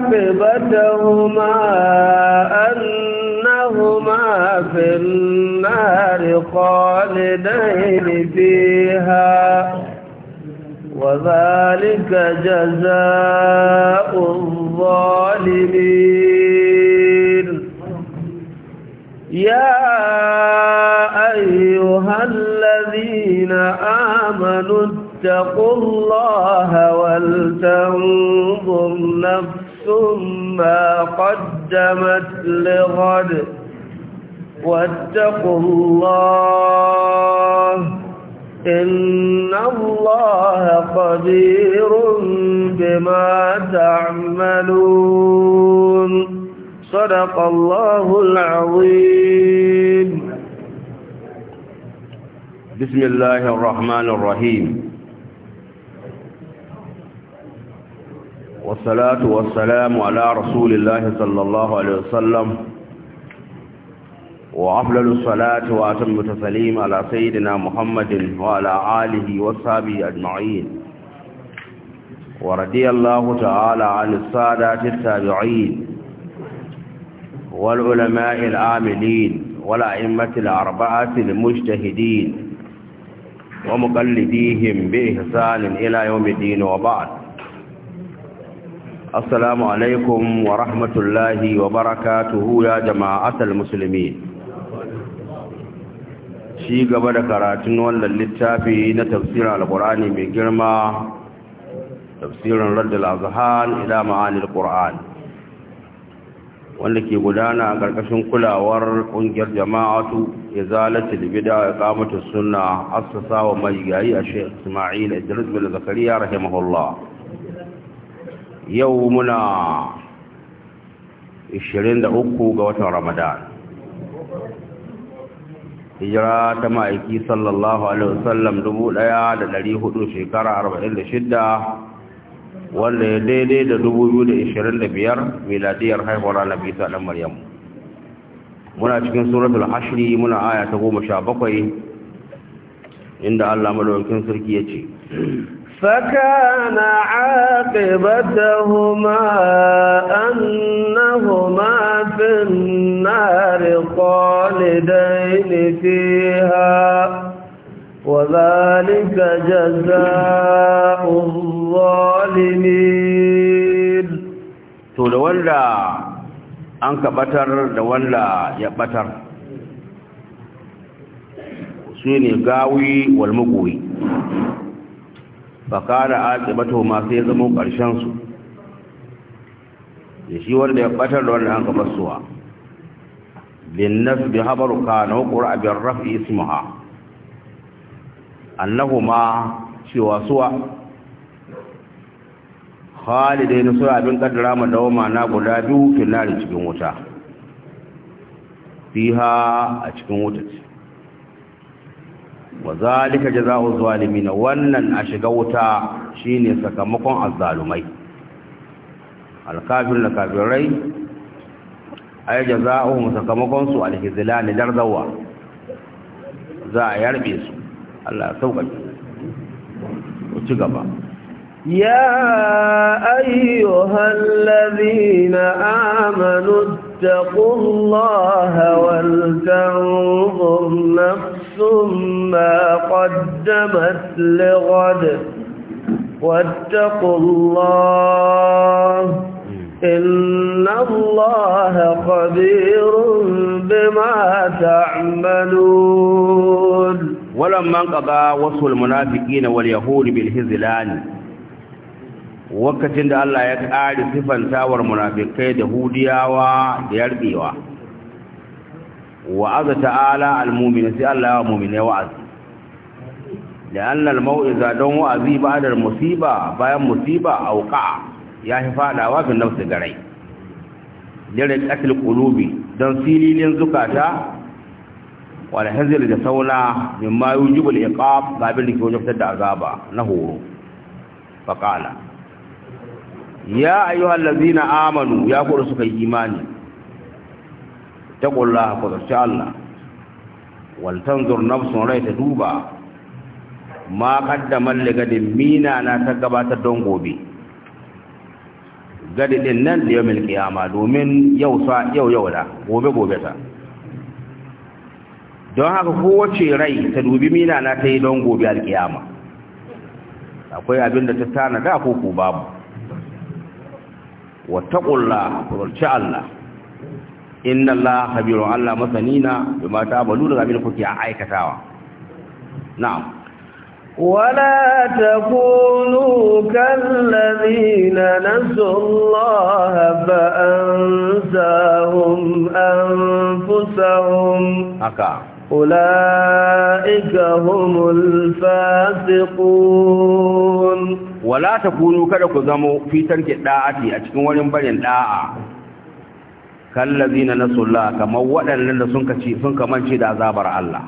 عاقبتهما أنهما في النار خالدين فيها وذلك جزاء الظالمين يا أيها الذين آمنوا اتقوا الله ولتنظر نفس ثم قدمت لغد واتقوا الله إن الله قدير بما تعملون صدق الله العظيم بسم الله الرحمن الرحيم والصلاة والسلام على رسول الله صلى الله عليه وسلم وأفضل الصلاة وأتم التسليم على سيدنا محمد وعلى آله وصحبه أجمعين ورضي الله تعالى عن السادة التابعين والعلماء العاملين والأئمة الأربعة المجتهدين ومقلديهم بإحسان إلى يوم الدين وبعد Asalamu السلام عليكم ورحمة الله وبركاته يا جماعة Musulmi. shi gaba da karatun wannan littafi na tafsirin alkur'ani mai girma tafsirin raddul azhan ila ma'anil qur'an wanda ke gudana a ƙarƙashin kulawar ƙungiyar jama'atu izalati libida ya kamata sunna assasa wa majiyayi a shekh ismail idris bin zakariya rahimahullah yau muna 23 ga watan ramadan hijira ta ma'aiki sallallahu alaihi wasallam 1400 shekara 46 wanda ya daidai da 2025 miladiyar haihuwar annabi isa dan maryam muna cikin suratul ashiri, muna aya ta 17 inda Allah madaukakin sarki ya ce. فكان عاقبتهما أنهما في النار قالدين فيها وذلك جزاء الظالمين to da wanda an kabatar da wanda ya batar su fakara aqibatu ma sai zama karshen su Ya shi wanda ya batar da wannan an ka bin nas bi habaru kana qura bi rafi ismaha annahuma cewa suwa khalidain su abin kadara ma dawama na guda biyu nar cikin wuta fiha a cikin wuta ce wa zalika jazaa'u zalimin wannan a shiga wuta shine sakamakon azzalumai alkafirun kafirai ay jazaa'uhum sakamakon su alhizlan darzawa za a yarbe su Allah ya sauƙaƙe ku ci gaba يا أيها الذين آمنوا اتقوا الله ولتنظر نفس ثم قدمت لغد واتقوا الله إن الله خبير بما تعملون ولما انقضى وصف المنافقين واليهود بالهزلان وكتند الله يتعالى صفا تاور منافقين يهوديا ويرقيوا wa'aza ta'ala al-mu'mina sai Allah ya mu'mina wa'azi da annal mau'iza don wa'azi ba'da musiba bayan musiba auqa ya fi fadawa fi nafsi garai dare qatil qulubi don sililin zukata wal da sauna mimma yujibu iqab gabin da ke wajabtar da azaba na horo faqala ya ayyuhallazina amanu ya ku suka yi imani taqullaha ku zarci Allah wal tanzur nafsun rai ta duba ma qaddamal ligadin mina na ta gabatar don gobe gadin nan da yawmil qiyama domin yau yau da gobe gobe ta don haka kowace rai ta dubi mina na ta yi don gobe alkiyama akwai abin da ta tana da koko babu wataƙulla kurci Allah inna allaha khabirun allah masanina bima ta'maluna gamin kuke a aikatawa na'am wala takunu kallazina nasallaha fa ansahum anfusahum aka ulaika humul fasiqun wala takunu kada ku zama fitar ke da'ati a cikin wani barin ɗa'a. kallazina nasullah kamar waɗannan da sun sun kamance da azabar Allah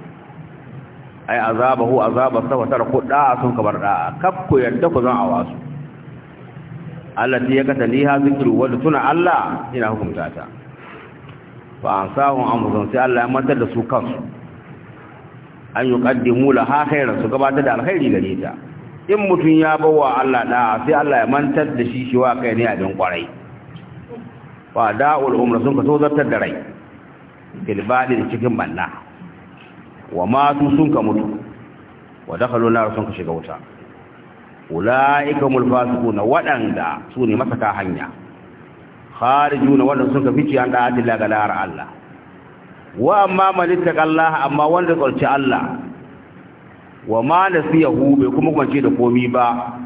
ai azabahu azabar sa wata ku da sun kamar da kaf ku yadda ku zan awasu allati ya kataliha zikru wa tuna Allah ina hukunta ta fa sahun amrun sai Allah ya mantar da su kansu an yuqaddimu laha khairan su gabatar da alkhairi gare ta in mutum ya bawa Allah da sai Allah ya mantar da shi shi wa kai ne a din kwarai wa da'ul umra sun ka tozartar da rai bilbadi cikin banna wa matu sun ka mutu wa dakhalu na sun ka shiga wuta ulaika mul fasiquna waɗanda su ne masaka hanya kharijuna wadanda sun ka fice an da Allah ga Allah wa amma man ittaqallaha amma wanda tsorci Allah wa ma nasiyahu bai kuma kwance da komi ba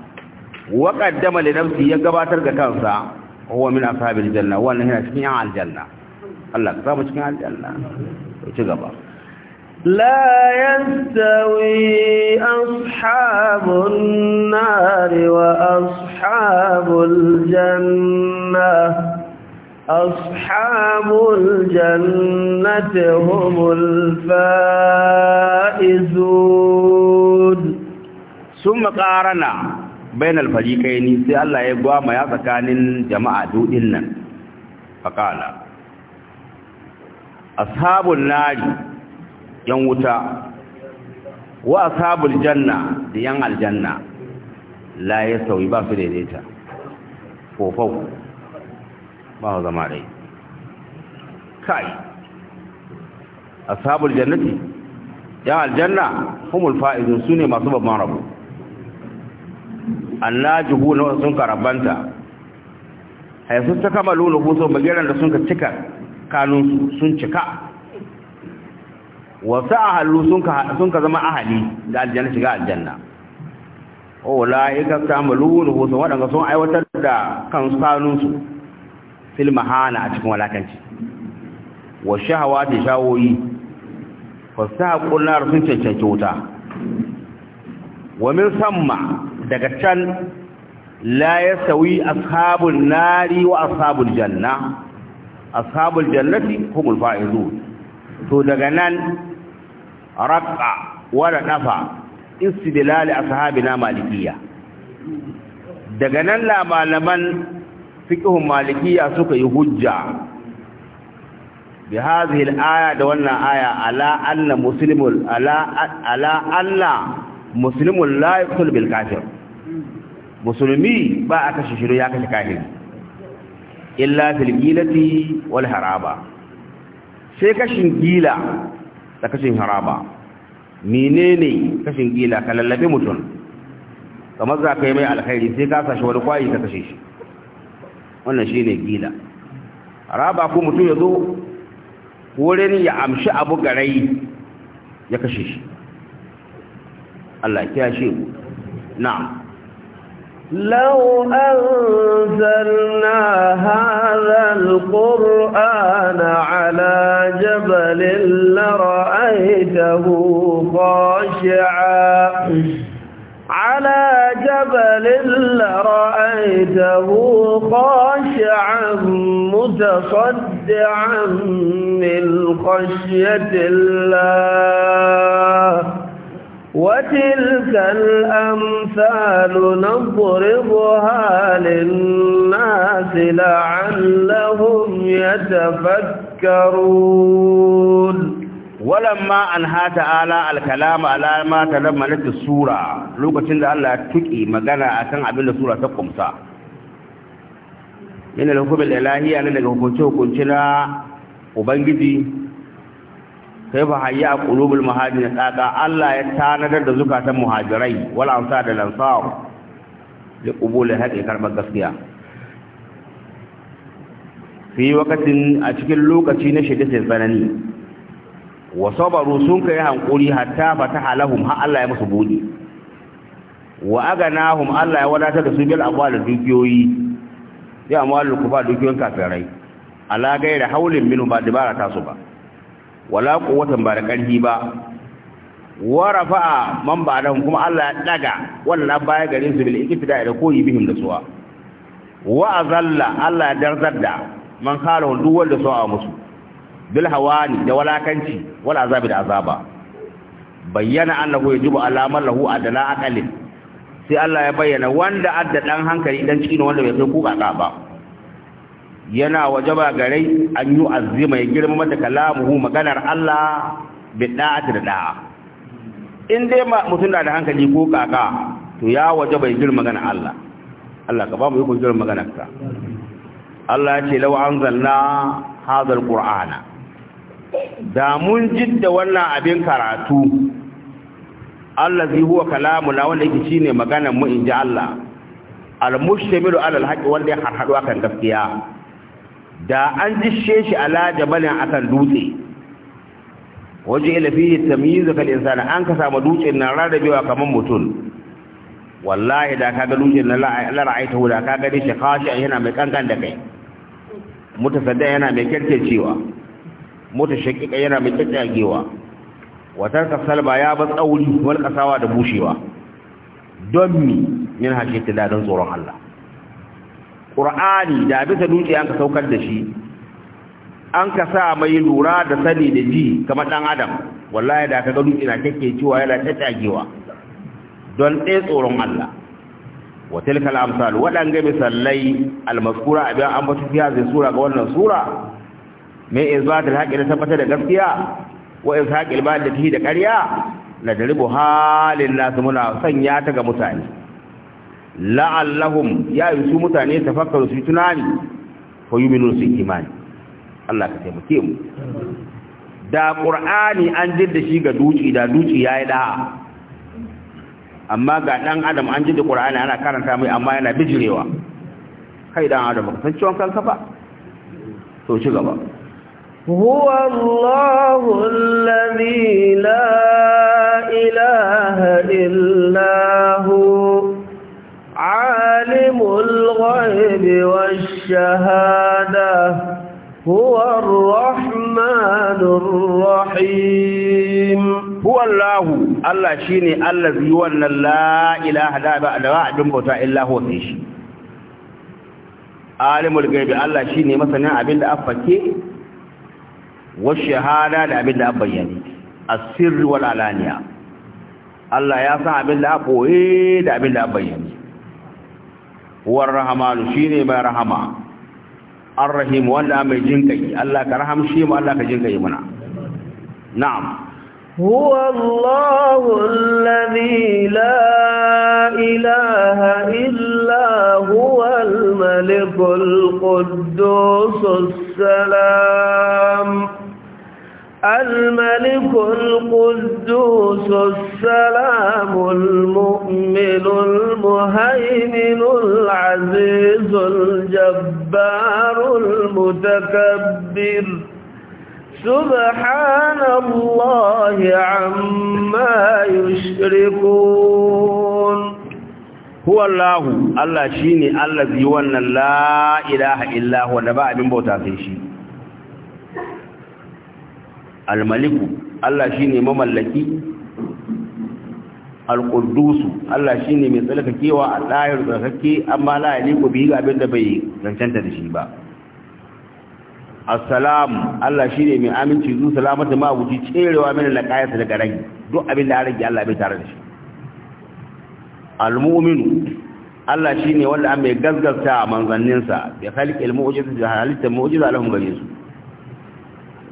wa qaddama li nafsi ya gabatar ga kansa هو من أصحاب الجنة هو أنه هنا شكين على الجنة لك كتاب شكين على الجنة وتقبل لا يستوي أصحاب النار وأصحاب الجنة أصحاب الجنة هم الفائزون ثم قارنا bainal ni sai Allah ya gwama ya tsakanin jama'a dudin nan faqala ashabun nari yan wuta wa ashabul janna da yan aljanna la sauyi ba su daidaita fofau ba su zama dai kai ashabul jannati yan aljanna humul faizun sune masu babban rabo annajihu na wasu sun karabanta sun ta kama lulu sun magiran da sun ka cika kanun sun cika wasu ahalu sun ka zama ahali da aljanna shiga aljanna Malulu ko sun wadanga sun aiwatar da kansu su fil mahana a cikin walakanci wa shahawati shawoyi fasahqul nar sun cancanci wuta wa min samma daga can la ya sawi ashabun nari wa ashabul janna ashabul jannati humul faizun to daga nan raqqa wala nafa istidlal ashabina malikiya daga nan la malaman fiqhun malikiya suka yi hujja bi hadhihi al-aya da wannan aya ala anna muslimul ala ala anna muslimul la yaqul bil kafir musulmi ba a kashe shiru ya kashe kahiri illa fil gilati wal haraba sai kashin gila da kashin haraba menene kashin gila ka lallabe mutum kamar za ka yi mai alkhairi sai ka sashi wani kwayi ka kashe shi wannan shi ne gila haraba ko mutum ya zo wurin ya amshi abu garai ya kashe shi Allah ya kiya shi na'am لو أنزلنا هذا القرآن على جبل لرأيته خاشعا على جبل لرأيته خاشعا متصدعا من خشية الله وتلك الأمثال نضربها للناس لعلهم يتفكرون ولما أنهى تعالى الكلام على ما تضمنت السورة لوكتين الله تكي مغانا أكن عبد السورة تقوم سا من الحكم الإلهي أنا لك حكمتي حكمتنا وبنجدي sai ba hayya qulubul muhajirin tsaka Allah ya tanadar da zukatan muhajirai wal ansar da lansar da qubul haqqi karɓar gaskiya fi wakatin a cikin lokaci na shida sai tsanani wa sabaru sun kai hankuri hatta fataha lahum har Allah ya musu buɗe. wa aganahum Allah ya wadatar da su bil abwal dukiyoyi ya amwal ba dukiyoyin kafirai ala gaira haulin minu ba dibara ta su ba wala quwwatan ba da ƙarfi ba wa rafa'a man ba'dahum kuma Allah ya daga wannan baya gare su bil ikhtida da koyi bihim da suwa wa azalla Allah ya darzar da man khalahu duk wanda suwa musu bil hawani da walakanci wal azabi da azaba bayyana annahu yajibu alaman lahu adala aqalin sai Allah ya bayyana wanda adda dan hankali dan cikin wanda bai kai kuka ba yana wajaba gare an yi azima ya girma da kalamuhu maganar Allah bi da'ati da da'a in dai mutum na da hankali ko kaka to ya wajaba ya girma maganar Allah Allah ka ba mu yi kun girma maganar ka Allah ya ce law anzalna hadha alqur'ana da mun jidda wannan abin karatu Allah zai huwa kalamuna wanda yake shine maganar mu ji Allah al-mushtamilu ala al-haqqi wanda ya harhadu kan gaskiya da an jishe shi ala jabalin akan dutse waje ila fihi tamyiz kal insani an ka samu dutse na rarrabewa kamar mutum wallahi da ga dutse na la ra'aita da kaga dai shakashi yana mai kankan da kai mutasadda yana mai kirkircewa mutashakkika yana mai kirkirewa watar kasalba ya ba tsauri wal kasawa da bushewa don mi min hakika da don tsoron Allah Qur'ani da bisa dutse an ka saukar da shi an ka sa mai lura da sani da ji kamar ɗan adam wallahi da ka ga dutse na kake cewa yana ta tagewa don ɗaya tsoron Allah wa tilka al-amsal waɗanga misallai al a abin an fiya zai sura ga wannan sura mai izbat al-haqi da tabbatar da gaskiya wa izhaq al-ba'd da da ƙarya na daribu halin nasu muna sanya ta ga mutane la'allahum ya yi su mutane tafakkaru su tunani fa yuminu su imani Allah ka taimake mu da qur'ani an jidda shi ga duci da duci yayi da amma ga dan adam an jidda qur'ani ana karanta mai amma yana bijirewa kai dan adam ka san ciwon kanka ba to ci gaba هو الله الذي لا إله إلا الشهادة هو الرحمن الرحيم هو الله الله شيني الذي وأن لا إله لا بعد واحد بوتا إلا هو فيش عالم الغيب الله شيني مثلا أبين أفكي والشهادة أبين أبيني السر والعلانية Allah ya san abin da a koye da abin da a bayyana والرحمن شيني برحمة الرحيم ولا من جنكي الله كرحم شيم الله كجنكي منا نعم هو الله الذي لا إله إلا هو الملك القدوس السلام الملك القدوس السلام المؤمن المهيمن العزيز الجبار المتكبر سبحان الله عما يشركون هو الله الله شيني الذي وانا لا إله إلا هو نبأ من بوتا في شيء almaliku Allah shi ne mamallaki alqudusu Allah shi ne mai kewa a lahir tsarkake amma la bi bihi ga abin da bai zancanta da shi ba assalam Allah shi ne mai aminci zu salamata ma wuji cerewa na laqayat daga rai duk abin da ya rage Allah bai tare da shi Almominu, Allah shi ne wanda an mai gaskata manzanninsa bi khalqil mu'jiza da halitta lahum gare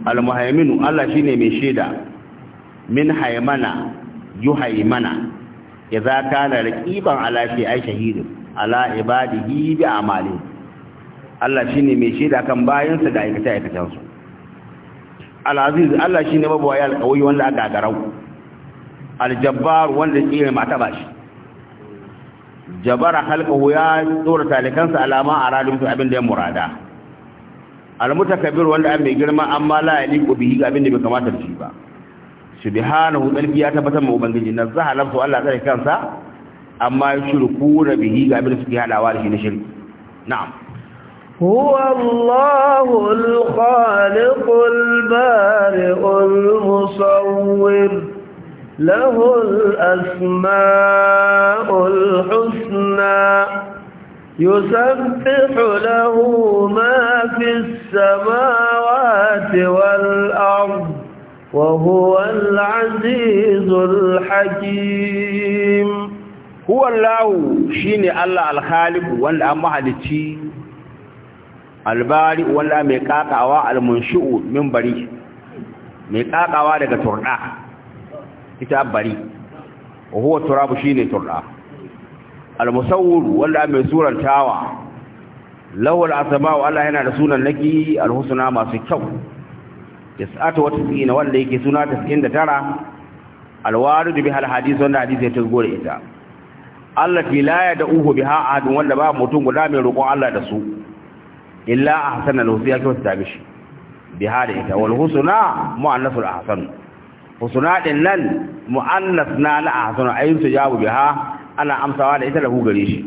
almuhaiminu Allah shine mai shaida min haimana yuhaimana idza kana raqiban ala fi ay shahid ala ibadihi bi amali Allah shine mai shaida kan bayansa da aikata aikatan su alaziz Allah shine ya alqawi wanda aka garau Aljabbar wanda yake mai mataba shi jabara halqahu ya tsora talikansa alama aradun abin da ya murada almutakabbir wanda an mai girma amma la yaliqu bihi ga abinda bai kamata da shi ba subhanahu dalbi ya tabbatar ma ubangiji na zahala to Allah tsare kansa amma yushriku bihi ga abinda suke hadawa da shi na shirki na'am هو الله الخالق البارئ المصور له الأسماء الحسنى يسبح له ما في السماوات والأرض وهو العزيز الحكيم هو الله شيني الله الخالق وانا مهلتي albari wanda mai kakawa almunshu min bari mai kakawa daga turda ita bari huwa turabu shine al-musawwir wanda mai surantawa lawal asma'u Allah yana da sunan naki al-husna masu kyau tis'atu wa tis'ina wanda yake suna 99 al-warid biha al-hadith wanda hadisi ya tazgore ita Allah allati la yad'uhu biha ahad wanda ba mutum guda mai roƙon Allah da su illa ahsana al-husna kyau ta bishi biha da ita wal husna mu'annasul ahsan husna din nan mu'annas na la ahsana ayyun tujabu biha ana amsawa da ita lahu gare shi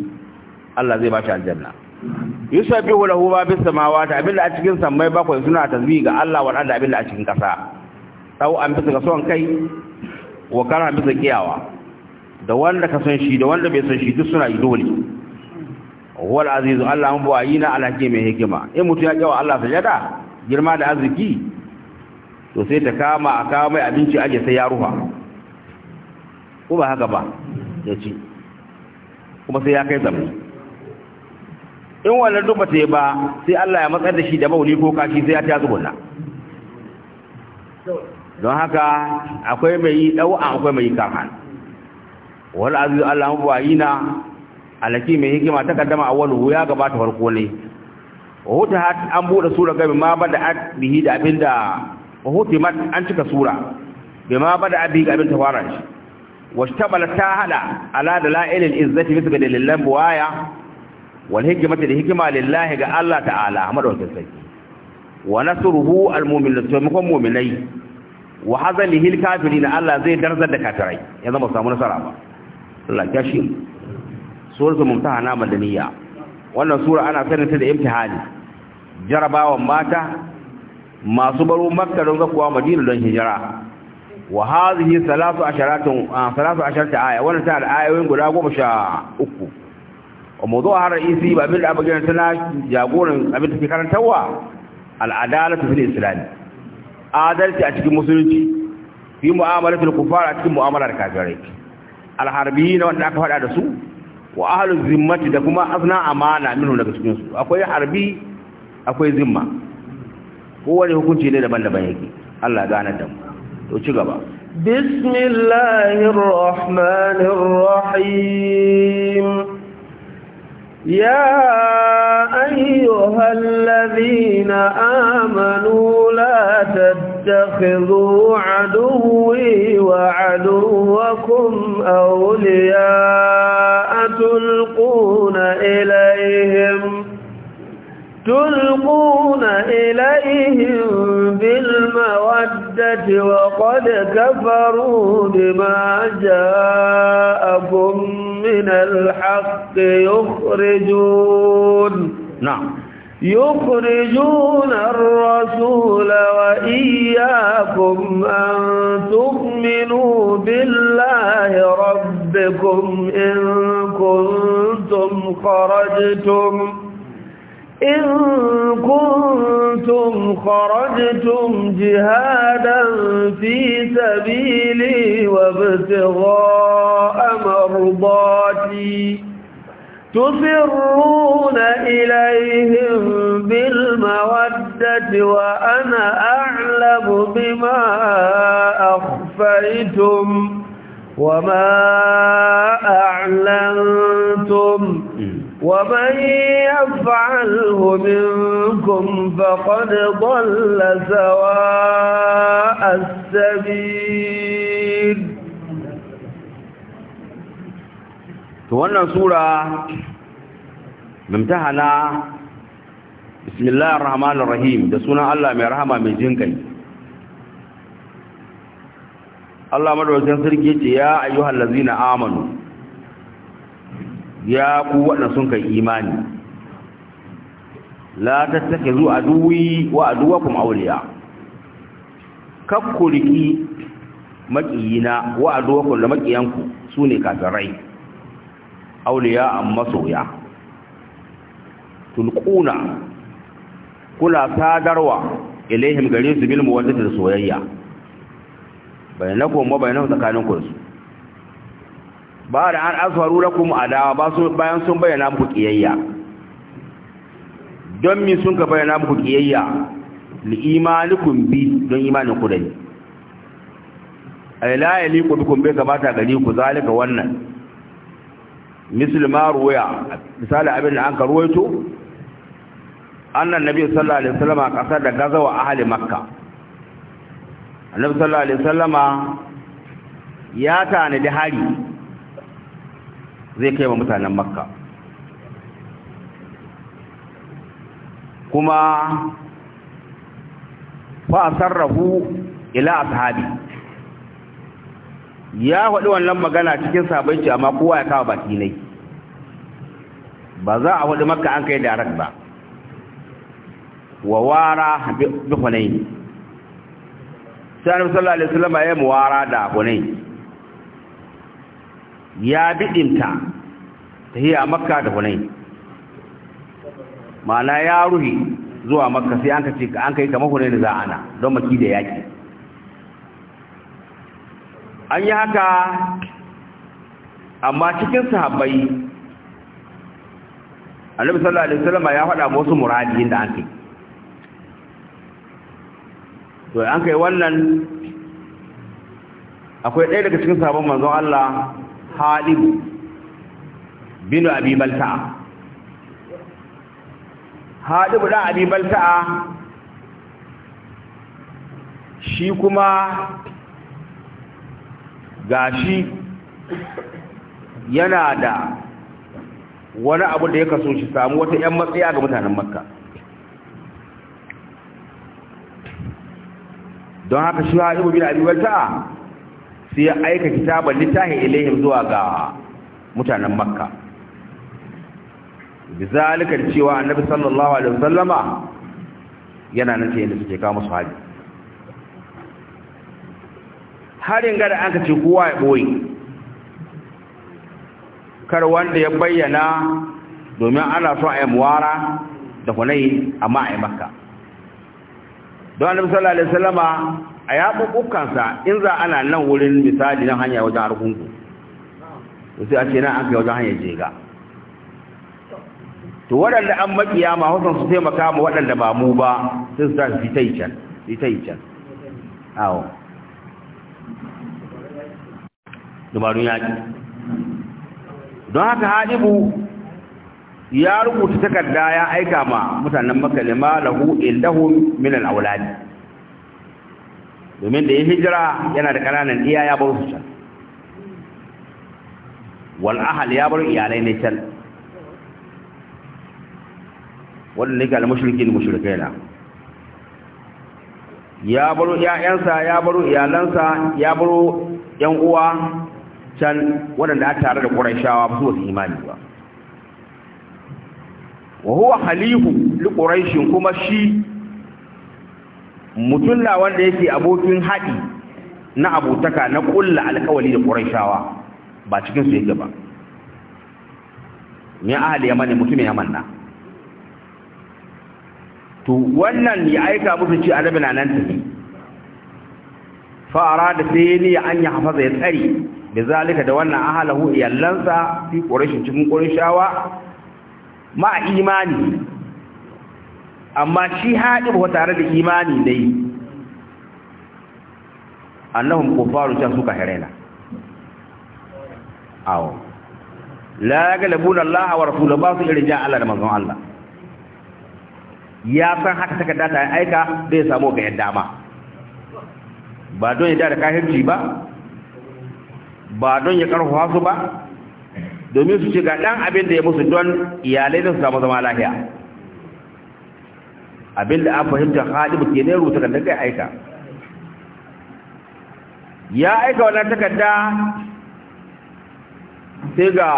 Allah zai ba shi aljanna yusabihu lahu ma bis samawati abinda a cikin sammai bakwai suna tasbihi ga Allah wa da abinda a cikin kasa sau an bisa ga son kai wa kana bisa kiyawa da wanda ka san shi da wanda bai san shi duk suna yi dole wal azizu Allah mun bayi na alhaki mai hikima in mutu ya kiyawa Allah sajada girma da arziki to sai ta kama a kawo mai abinci aje sai ya ruha ko ba haka ba ya ce kuma sai ya kai zamani in wannan duk bata yi ba sai Allah ya matsar da shi da mauli ko kashi sai ya ta zubunna don haka akwai mai yi ɗau'an akwai mai yi wal azu Allah bayina alaki mai hikima ta kaddama awwalu ya gabata farko ne wuta hat an bude sura gabi ma bada bihi da abinda wata mat an cika sura bima bada abi gabin abin ta fara shi washtabala ta hada ala da la'ilil izzati bisa ga dalilan buwaya wal hikmati da hikima lillahi ga Allah ta'ala madaukakin sarki wa nasruhu al mu'minin to mukon mu'minai wa hazalihi al kafirin Allah zai darzar da kafirai ya zama samu nasara ba Allah ya shi suratul mumtahana madaniya wannan sura ana sanin ta da imtihani jarabawan mata masu baro makka don madina don hijira wa hadhihi salatu asharatu salatu asharata aya wannan ta da ayoyin guda 13 wa mawdu'a ra'isi ba bil da tana jagoran abin da ke karantawa al-adalatu fil islam adalci a cikin musulunci fi mu'amalatul kufar a cikin mu'amalar kafirai al harbiyina wanda aka fada da su wa ahlul zimmati da kuma asna amana minhu daga cikin su akwai harbi akwai zimma kowane hukunci ne daban-daban yake Allah gane da mu بسم الله الرحمن الرحيم يا أيها الذين آمنوا لا تتخذوا عدوي وعدوكم أولياء تلقون إليهم تلقون إليهم بالمودة المودة وقد كفروا بما جاءكم من الحق يخرجون نعم يخرجون الرسول وإياكم أن تؤمنوا بالله ربكم إن كنتم خرجتم إن كنتم خرجتم جهادا في سبيلي وابتغاء مرضاتي تفرون إليهم بالمودة وأنا أعلم بما أخفيتم وما أعلنتم ومن يفعله منكم فقد ضل سواء السبيل توانا سورة ممتحنا بسم الله الرحمن الرحيم دسونا الله من رحمة من جنك الله مدعو سنسرك يا أيها الذين آمنوا ya ku waɗanda sun kai imani la tattakizu aduwi wa aduwakum awliya kakkuriki makiyina wa aduwakum da makiyanku sune kafirai awliya am masoya tulquna kula sadarwa ilaihim gare su bil muwaddati da soyayya bainakum wa bainahum tsakaninku da ba da an asfaru lakum adawa ba su bayan sun bayyana muku kiyayya don mi sun ka bayyana muku kiyayya li imanikum bi don imanin ku da ni ay la yaliqu bikum bai kamata gari ku zalika wannan misal ma ruwaya misali abin da an ka ruwaito annan nabi sallallahu alaihi wasallam kasar da gazawa ahli makka annabi sallallahu alaihi wasallama ya tanadi hari zai kai wa mutanen makka kuma fa'asarrahu ila ashabi ya faɗi wannan magana cikin sabai ce amma kowa ya kawo baki ne ba za a faɗi makka an kai direct ba wa wara bi hunayn sai annabi sallallahu alaihi wasallam ya muwara da hunayn ya bidinta ta hiya makka da hunai, ma'ana ya ruhi zuwa makka sai an kace an kai kamar hunain za ana don maki da yaki an yi haka amma cikin sahabbai annabi sallallahu alaihi wasallam ya faɗa musu muradi inda an kai to an kai wannan akwai ɗaya daga cikin sahabban manzon Allah halib bin abi balta'a halib da abi balta'a shi kuma gashi yana da wani abu da ya kaso shi samu wata ƴan matsaya ga mutanen makka don haka shi haɗu bin abin ta'a? sai ya aika kitaban littahi ilayhim zuwa ga mutanen makka bizalika cewa annabi sallallahu alaihi wasallama yana nan sai da suke kawo musu hali harin gada an ka ce kowa ya boye kar wanda ya bayyana domin ana so a yi muwara da kunai amma a yi makka don annabi sallallahu alaihi wasallama a yaɓuɓɓukansa in za ana nan wurin misali nan hanya wajen argungu sai a ce nan an kai wajen hanyar jega to waɗanda an maƙiya ma hausan su taimaka ma waɗanda ba mu ba sai su tashi ta yi can yi can awo dubarun yaƙi don haka haɗibu ya rubuta takarda ya aika ma mutanen makalima lahu indahum min auladi domin da ya hijira yana da ƙananan iya ya bar su can wal ahal ya bar iyalai ne can wanda ne ga al-mushrikin mushrikaina ya baro ‘ya'yansa ya baro iyalansa ya baro ‘yan uwa can waɗanda a tare da ƙuraishawa ba su wasu imani ba wa huwa halihu li ƙuraishin kuma shi mutulla wanda yake abokin haɗi na abotaka na ƙulla alkawali da ƙuraishawa ba cikinsu yake ba Ni ahali yamani mutumin yaman na to wannan ya aika musu ci annabi na nan tafi fa arada sai ni an ya hafaza ya tsari da zalika da wannan ahalahu iyallansa fi quraishin cikin qurayshawa ma imani amma shi ba tare da imani yi annahun kofaru can suka herena awon la galabuna Allah wa rasuluhu ba su jan Allah da mazan Allah ya san haka kada ta aika zai samu ga yadda ma ba don ya da kahirci ba ba don ya karfafa su ba domin su ce ga dan abin da ya musu don iyalai da su samu zama lahiya. Abin da a fahimta khalibu ke ne rubuta kan daga aika ya aika wannan takarda sai ga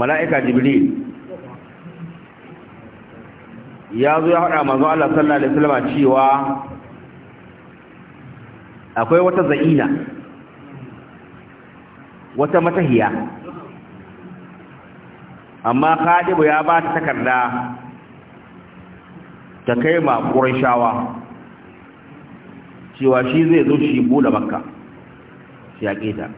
mala'ika jibril ya zo ya haɗa manzo Allah sallallahu alaihi wasallam cewa akwai wata za'ina wata matahiya amma khadibu ya ba ta takarda ta kai ma ƙurashawa cewa shi zai zo shi bude makka shi yaƙe ta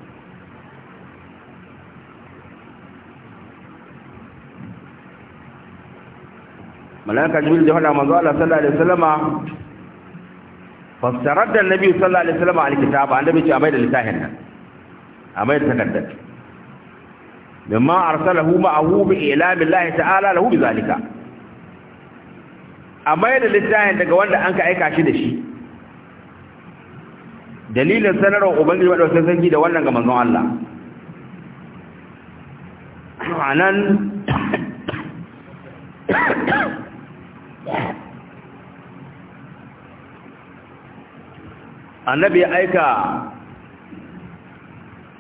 malaka jibril da hada manzo Allah sallallahu alaihi wasallam fassarar da nabi sallallahu alaihi wasallam alkitaba annabi ce a da litahin nan a da takaddar mimma arsalahu ma'ahu bi ilamillahi ta'ala lahu bi zalika a mai da littafin daga wanda an ka aika shi da shi dalilin sanarwar ubangiji maɗaukar sarki da wannan ga manzon Allah a nan annabi ya aika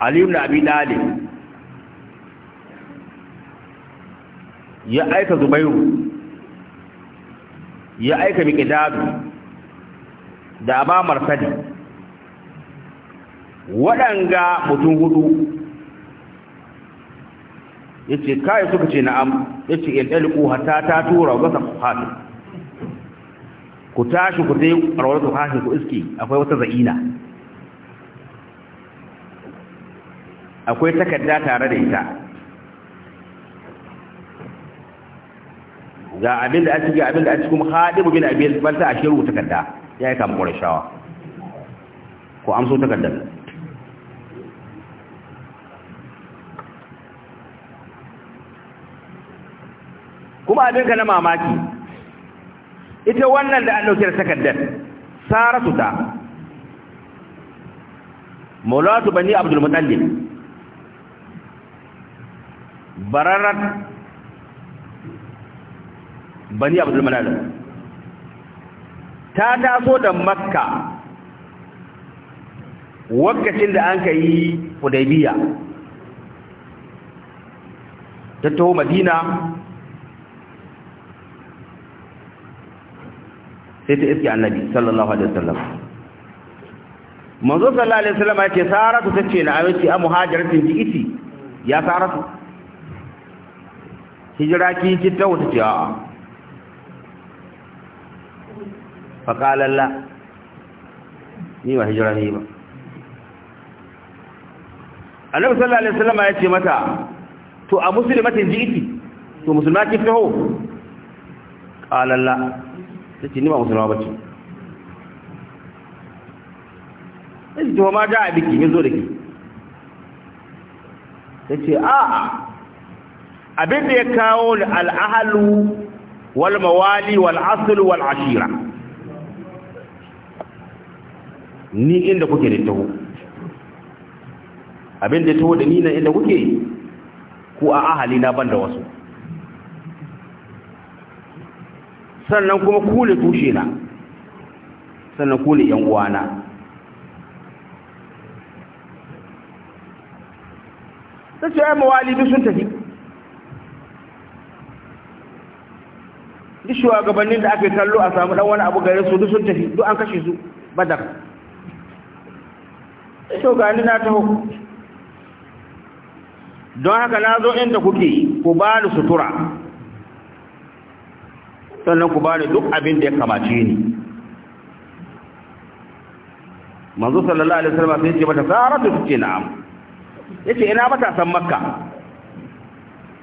aliyu da abi dalil ya aika zubairu ya aika miƙidadu da ba marfadi waɗanga mutum hudu ya ce kayan suka ce na'am ya ce ilɗaliku hata ta tura gasa hafi ku tashi ku ta yi rawarsu hafi ku iske akwai wata za'ina akwai takarda tare da ita ga abin da a cikin abin da a cikin hadimu bin abin balta a shiru takarda ya yi kama ƙwarashawa ko amso takardar kuma abin ka na mamaki ita wannan da an ɗauke da takardar saratu ta maulatu bani abdulmutallin bararar bani abdul manan ta taso da makka wakacin da an ka yi hudaibiya ta taho madina sai ta iske annabi sallallahu alaihi wasallam manzo sallallahu alaihi wasallam ya ce saratu ce na amince a muhajiratin ji'iti ya saratu hijira ki ki ta wata ce a'a faƙalar la ni ba hijira ne ba annabi sallallahu alaihi wasallam ya ce mata to a muslimatin ji'ti to musulma ki fiho qalar la tace ni ba musulma bace sai to ma da biki zo da a abin da ya kawo al ahlu wal mawali wal asl wal ashira ni inda kuke da taho abin da taho da ni na inda kuke ku a ahali na ban da wasu sannan kuma ku ne tushe na sannan ku ne yan uwana ta ce ai duk sun tafi duk shugabannin da aka kallo a samu dan wani abu gare su duk sun tafi duk an kashe su badar to ni na taho don haka na zo inda kuke ku ba da sutura sannan ku ba da duk abin da ya kamace ni manzo sallallahu alaihi wasallam sai ce mata saratu tace na'am yace ina matasan makka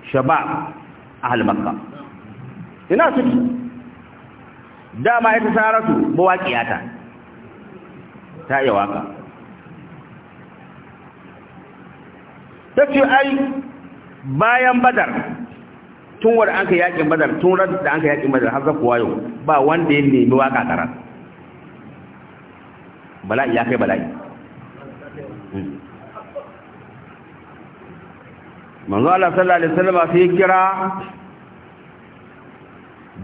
shabab ahli makka ina suke dama ita saratu mawaƙiyata ta iya waka ta ce ai bayan badar tun wadda an ka yakin badar tun ran da an ka yakin badar har zakuwa yau ba wanda ya nemi waka karar bala'i ya kai bala'i hmm. manzo Allah sallallahu alaihi wasallam sai kira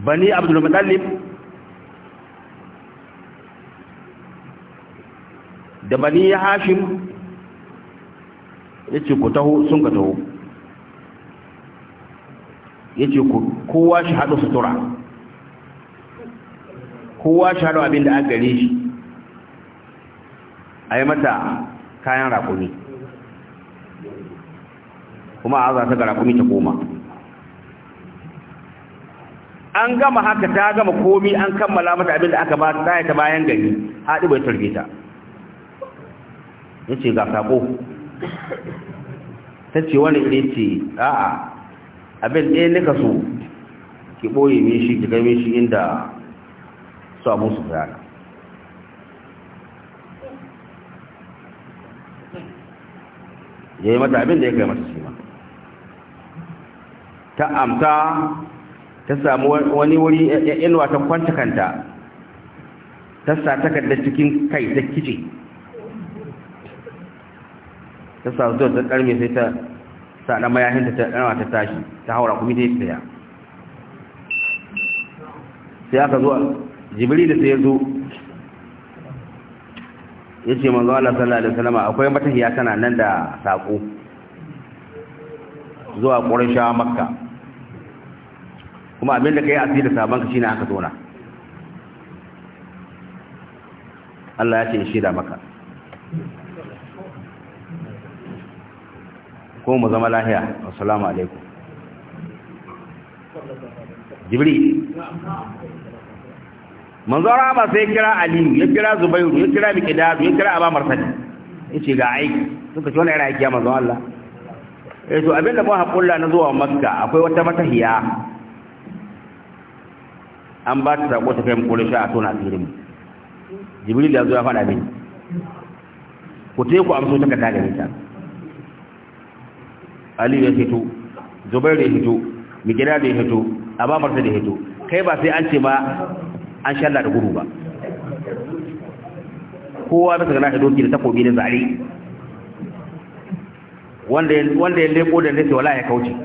bani abdul muttalib da bani hashim ya ce ku taho sun ka taho ya ce kowa shi haɗu sutura kowa shi haɗu abinda aka gare shi a yi mata kayan rakumi kuma a zata ga rakumi ta koma an gama haka ta gama komi an kammala mata abinda aka ba ta ta bayan gari haɗu bai turbe ta ya ce ga saƙo ta ce wani iri ce a'a abin ɗaya nika so ki ɓoye min shi ki kai min shi inda su abu su fiyana ya yi mata abin da ya kai mata shi ma ta amsa ta samu wani wuri inuwa ta kwanta kanta ta sa takardar cikin kai ta kice ta sa zuwa ta karme sai ta sa na mayahin ta ɗanwa ta tashi ta haura kuma ta yi tsaya sai aka zuwa jibiri da sai ya zo ya ce manzo Allah sallallahu alaihi wasallam akwai matahiya tana nan da sako zuwa Quraysha Makka kuma abin da kai asiri da saban ka shine aka tona Allah ya ce shi da maka ko mu zama lahiya assalamu alaikum jibri manzo rama sai kira aliyu ya kira zubairu ya kira miqdad ya kira aba marsad yace ga aiki suka ce wannan irin aiki ya manzo Allah eh to abinda mu hakulla na zuwa makka akwai wata matahiya an ba ta sako ta kai mu kula shi a tona asirin jibril ya zo ya faɗa mini ku te ku amso ta ka ta ni ta ali ya hito zubairu ya hito Mijina da ya hito ababarsa da ya hito kai ba sai an ce ba an shalla da gudu ba kowa bisa ga nashi doki da takobi na zare wanda ya leko da nesa wala ya kauce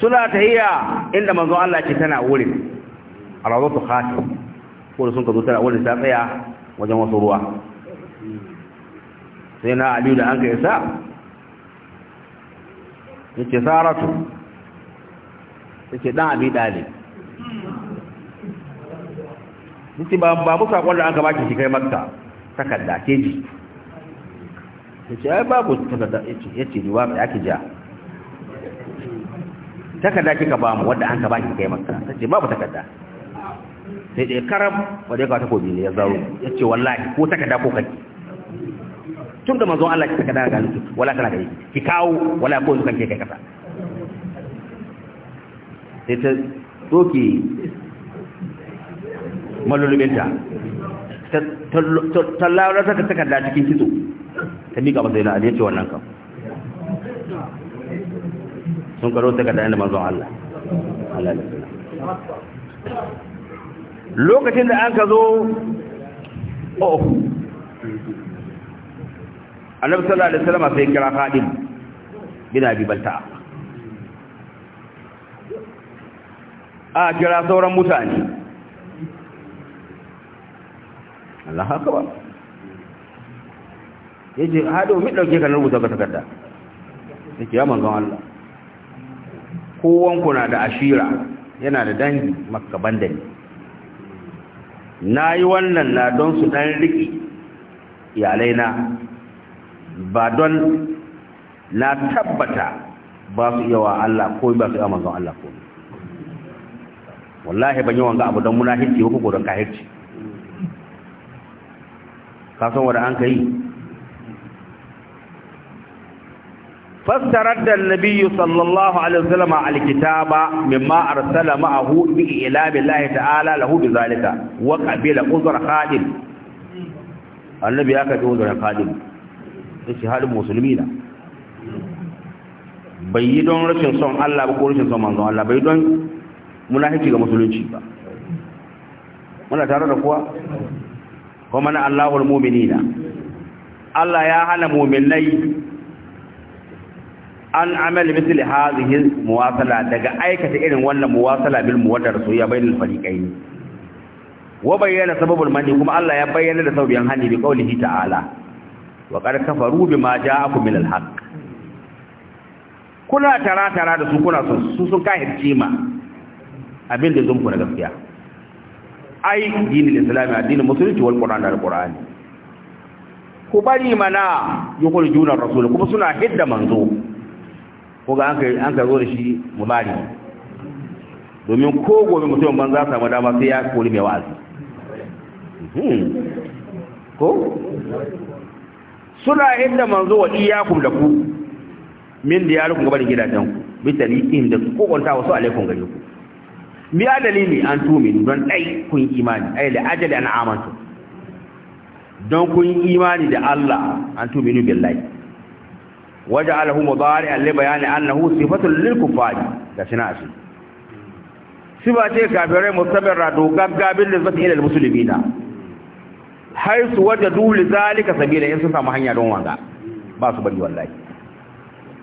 suna hiya inda manzon Allah ce tana wurin a rawatu khatim ko sun ka zo tana wurin ta tsaya wajen wasu ruwa sai na aliyu da an ka isa ya ce saratu ya ce ɗan abi dali ya ce babu sa da an ka baki shi kai makka takarda keji ya ce ai babu takarda ya ce riwa ya ke ja takarda kika ba mu wadda an ka baki kai makka ta ce babu takarda sai dai karam wadda ya kawo takobi ne ya zaro ya ce wallahi ko takarda ko kake tun da mazon Allah ki saka daga ganin wala kana gare ki kawo wala ko dukan ke kai kasa sai ta doki malulubinta ta larata ta da cikin kitso ta mika masa yana ajiyar cewa wannan kan sun karo kada yana mazon Allah Allah ya suna lokacin da an ka zo oh annabi sallallahu alaihi wasallam sai kira Khadim bin Abi Balta a kira sauran mutane Allah akbar yaje hado mi dauke ka na rubuta ga takarda yake ya manzon Allah kowan kuna da ashira yana da dangi makka Na nayi wannan na don su dan riki iyalaina ba don na tabbata ba su iya wa Allah ko ba su iya manzon Allah ko wallahi ban yi wanga abu don munafiki ko ko don kahirci ka san wanda an kai fassarar da nabiyyu sallallahu alaihi wasallam alkitaba mimma arsala ma'ahu bi ila billahi ta'ala lahu bi zalika wa qabila uzra khadim annabi ya ji uzra khadim yace halin musulmi na bai yi don rashin son Allah ba ko rashin son manzon Allah bai don munafiki ga musulunci ba muna tare da kuwa kuma mana Allahul mu'minina Allah ya hana mu'minai an amal misli hadhihi muwasala daga aikata irin wannan muwasala bil muwaddar soyayya bainal fariqain wa bayyana sababul mani kuma Allah ya bayyana da sababiyan hani bi qaulihi ta'ala wa qad kafaru bima ja'akum min al-haqq kuna tara tara da su kuna su sun kahirce ma abin da zunku na gaskiya ai dinin islami addinin musulunci wal qur'an da qur'ani ku bari mana yukul juna rasul kuma suna hidda manzo ko ga an kai an zo da shi mubari domin ko gobe mutum ban za samu dama sai ya kori mai wa'azi hmm. ko suna inda manzo wa iyakum da ku min da diyarukum ga barin gidajen ku bi tariqin da ku kwanta wasu alaikum gare ku bi dalili an tumin don dai kun imani ai da ajali an amantu don kun imani da Allah an tuminu billahi waja'alahu mudari'an li bayani annahu sifatun lil kufari da sinashi sifa ce kafirai mustabirra dogab gabin da zai ila muslimina su wata duli zalika sabila in sun samu hanya don wanga ba su bari wallahi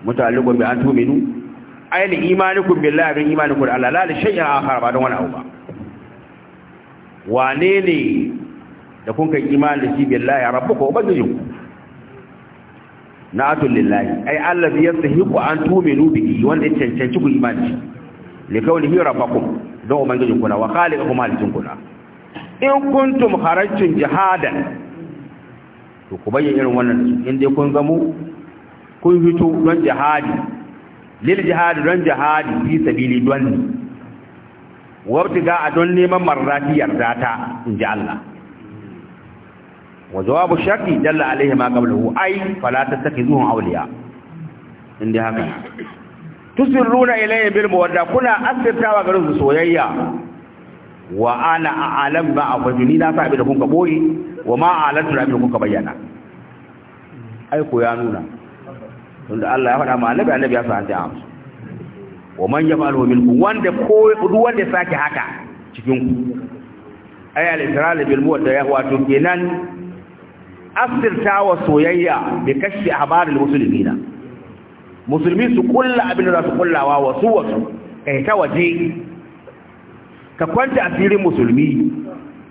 mutalikum bi antuminu ay li imanikum billahi bin imanikum Allah la la shay'a akhar ba don wani abu ba wane ne da kun kai imani da shi billahi rabbuka ubangijin na'atu lillahi ay allazi yastahiqu an tu'minu bihi wanda yake cancanci ku imani likawli hi rabbakum don umangijin kuna wa khaliqukum al kuna in kuntum kharajtum jihadan to ku bayyana irin wannan su in dai kun zamo kun fito don jihadi lil jihadi don jihadi fi sabili don ni ga a don neman marzati yarda ta in ji Allah wa jawabu shaki dalla alaihi ma qablahu ai fala tattakhizuhum awliya dai haka tusirruna ilayhi bil mawadda kuna asirtawa garin su soyayya wa ana a'lam ba akwai ni na sa abin da kun ka boye wa ma a'latu abin da kun ka bayyana ai ko ya nuna tunda Allah ya faɗa ma annabi annabi ya sa an ta amsa wa man yamalu minkum wanda ko duk wanda sake haka cikin ku ay al-isra'il bil muwadda ya wato kenan asirta wa soyayya bi kashfi ahbaril muslimina musulmi su kulla abin da su kullawa wasu wasu kai ta waje ka kwanta asirin musulmi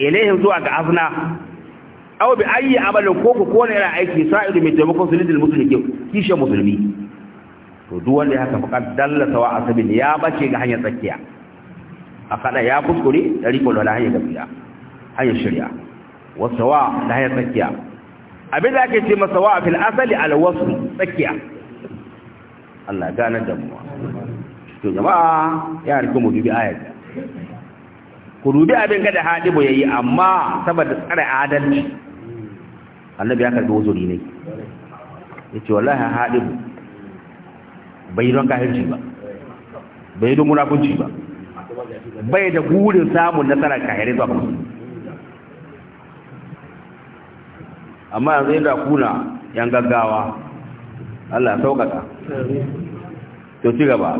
ilaihim zuwa ga afna aw bi ayyi amalin koko ko ne yana aiki sa'idu mai taimakon su lidil musulmi kishe musulmi to duk wanda ya haka faqad dalla sawa asabil ya bace ga hanyar tsakiya a kada ya kuskure tariqul wala hanyar gaskiya hanyar shari'a wasawa da hanyar tsakiya abin da ake ce masa wa fil asali al wasl tsakiya Allah gane da mu to jama'a ya rike mu dubi ayat ku dubi abin ga da ya yayi amma saboda tsare adalci annabi ya karbi uzuri ne yace wallahi hadibu bai don kahirci ba bai don munafunci ba bai da gurin samun nasarar kahirai ba amma yanzu inda kuna yan gaggawa Allah sauƙaƙa to ci gaba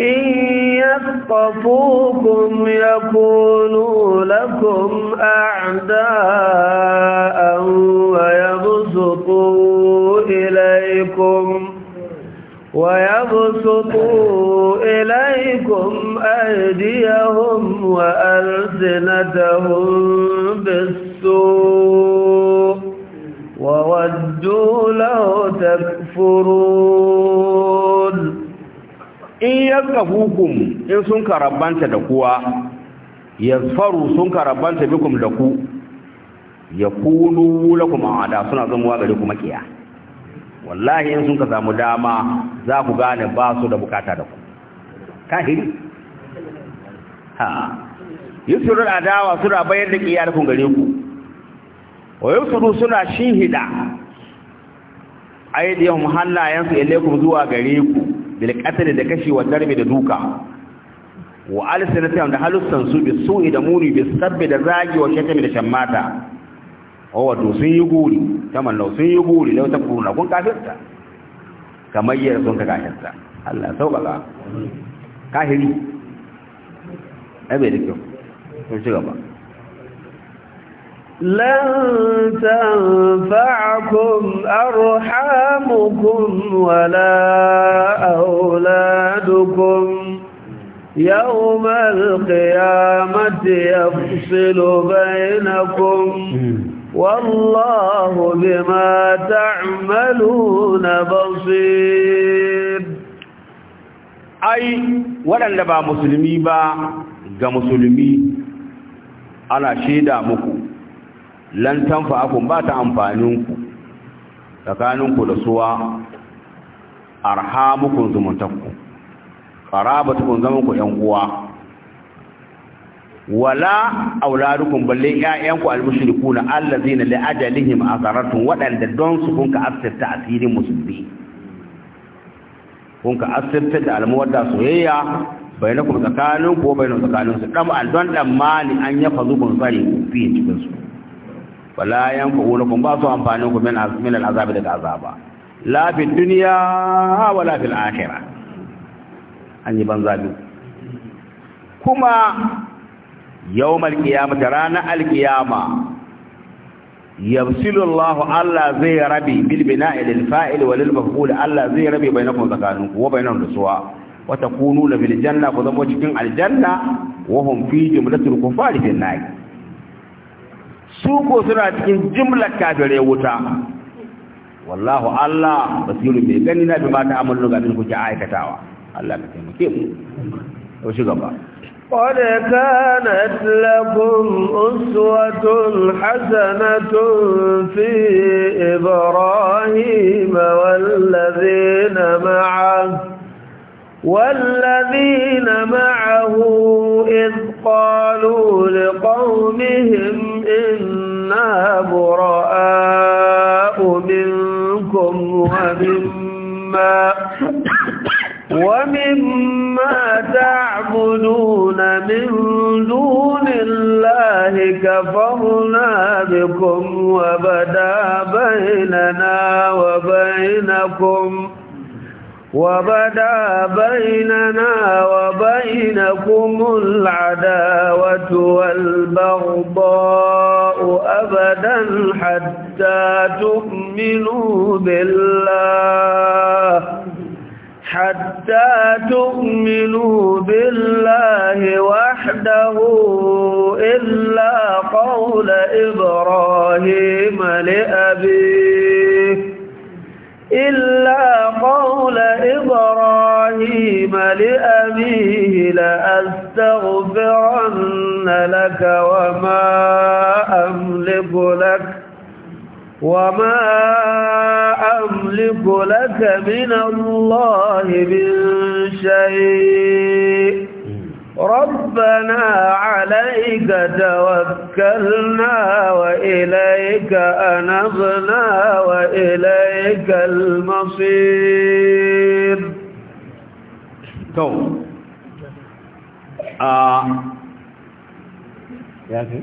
إن يثقفوكم يكونوا لكم أعداء ويبسطوا إليكم ويبسطوا إليكم أيديهم وألسنتهم بالسوء وودوا لو تكفرون in yanka hukum in sun karabanta da kuwa ya faru sun karabanta bikum da ku yakunu lakum aada suna zama gare ku makiya wallahi in sun ka samu dama za ku gane ba su da bukata da ku kahiri ha yusurul adawa suna bayar da kiyar kun gare ku wa yusuru suna shinhida aidiyahum hannayansu ilaikum zuwa gare ku bil da kashi wa darbi da duka wa alsanatihim da halussan su bi su'i da muni bi sabbi da zagi wa shatami da shammata wa to sun yi guri kaman lau sun yi guri lau ta kuruna kun kafirta kamar yar sun ka kafirta Allah sauƙaƙa kahiri abe da kyau sun ci gaba لن تنفعكم أرحامكم ولا أولادكم يوم القيامة يفصل بينكم والله بما تعملون بصير أي ولن لبا مسلمي با ga musulmi ana shaida muku Lan tanfa aku ba ta amfaninku tsakaninku da suwa arhamukun zumuntakku zaman zamanku ‘yan uwa wala auladukum balle ‘ya'yanku ku na allazi na la'ajalihim a tsarartun waɗanda don su kun ka asirta asirin musulmi ka asirta da almuwadda soyayya bai na kuma tsakaninku ko bai na tsakaninsu ɗan don ɗan an yafa zari fi cikin cikinsu wala kun ba su amfani ku min min al'azab daga azaba la fi dunya wala fil akhirah an yi banza biyu kuma yawmal qiyamati rana al-qiyama yafsilu Allah Allah zai rabi bil bina'i lil fa'il wa lil maf'ul Allah zai rabi bainakum zakanun wa bainahum suwa wa takununa bil janna ku zama cikin aljanna wa hum fi jumlatil kufari fil nar suko suna cikin jimlar kafirai wuta wallahu Allah basiru bai gani na bi ma ta amalu ga din kuke aikatawa Allah ka taimake mu to shi gaba قد كانت لكم أسوة حسنة في إبراهيم والذين معه والذين معه إذ قالوا لقومهم إن ومما ومما تعبدون من دون الله كفرنا بكم وبدا بيننا وبينكم وبدا بيننا وبينكم العداوة والبغضاء أبدا حتى حتى تؤمنوا بالله حتى تؤمنوا بالله وحده إلا قول إبراهيم لأبيه إلا قول إبراهيم لأبيه لأستغفرن لك وما أملك لك وما أملك لك من الله من شيء ربنا عليك توكلنا وإليك أنبنا وإليك المصير تو آه. يا أخي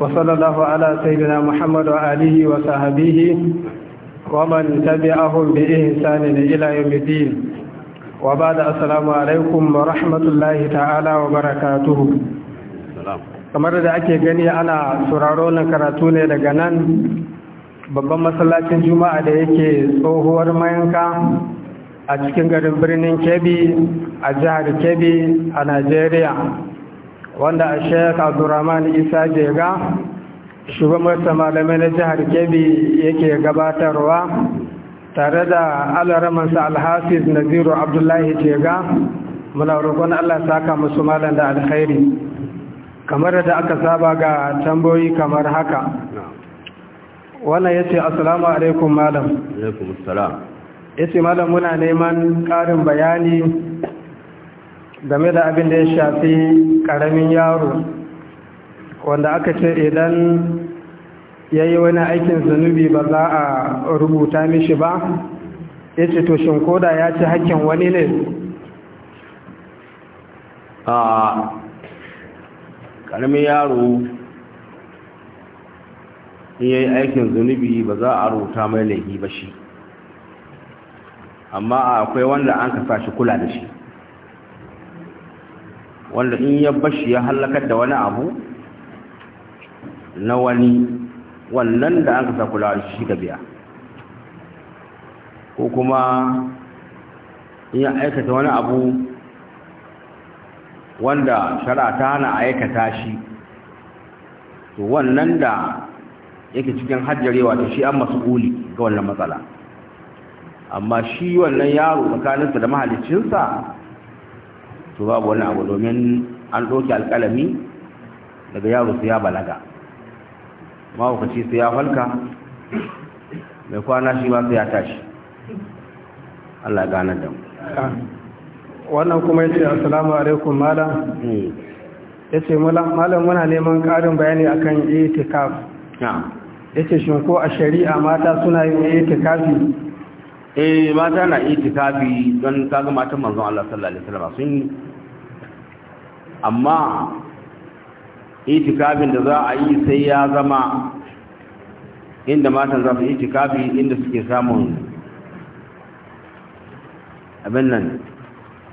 وصلى الله على سيدنا محمد وآله وصحبه ومن تبعهم بإحسان إلى يوم الدين وبعد السلام عليكم ورحمة الله تعالى وبركاته kamar da ake gani ana sauraro na karatu ne daga nan babban masallacin juma'a da yake tsohuwar mayanka a cikin garin birnin kebbi a jihar kebbi a najeriya wanda a sheik abdurrahman isa jega shugabarsa malamai na jihar kebbi yake gabatarwa tare da alaramansa alhafiz naziru abdullahi jega muna roƙon allah saka musu malam da alkhairi kamar da aka saba ga tamboyi kamar haka wannan ya ce assalamu alaikum malam ya ce malam muna neman ƙarin bayani game da abin da ya shafi ƙaramin yaro wanda aka ce idan ya yi wani aikin zunubi ba za a rubuta mishi ba ya ce to shinkoda ya ci hakkin wani ne a ƙaramin yaro in ya yi aikin zunubi ba za a rubuta mai laifi ba shi amma akwai wanda an ka shi kula da shi wanda in ya bashi ya halakar da wani abu na wani wannan da an kasa kula shi ga biya ko kuma in ya aikata wani abu wanda shara ta hana aikata shi to wannan da yake cikin hajjarewa ta shi an mas'uli ga wannan matsala amma shi wannan yaro tsakaninsa da mahalicinsa to babu wani abu domin an ɗauki alƙalami daga yaro su ya balaga mahaukaci su ya falka mai kwana shi ba su ya tashi allah gane da mu wannan kuma yace assalamu alaikum malam hmm. yace malam muna neman ƙarin bayani akan itikaf yace shin ko a shari'a mata suna yin itikafi eh mata na itikafi don kaga matan manzon Allah sallallahu alaihi wasallam sun yi amma itikafin da za a yi sai ya zama inda matan za su itikafi inda suke samun abin nan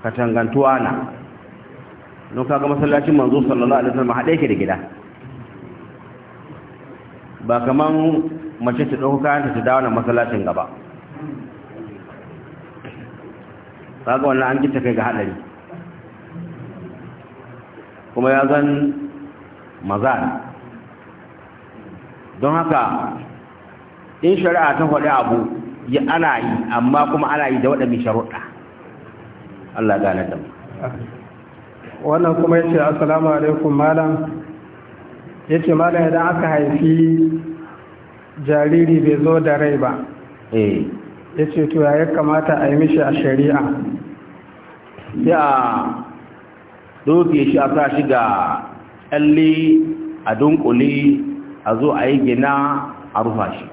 katangantuwa na don kaga masallacin manzon sallallahu alaihi wasallam haɗe ke da gida ba kaman mace ta ɗauko ta dawo na masallacin gaba kaga wannan an gita kai ga hadari kuma ya zan maza don haka in shari'a ta faɗi abu ya ana yi amma kuma ana yi da waɗannan sharuɗa Allah gane da mu wannan kuma ya ce assalamu alaikum malam Ya ce malam idan aka haifi jariri bai zo da rai ba eh. Ya ce to ya kamata a yi mishi a shari'a sai a doke shi a sa shi ga tsalle a dunkule a zo a yi gina a rufa shi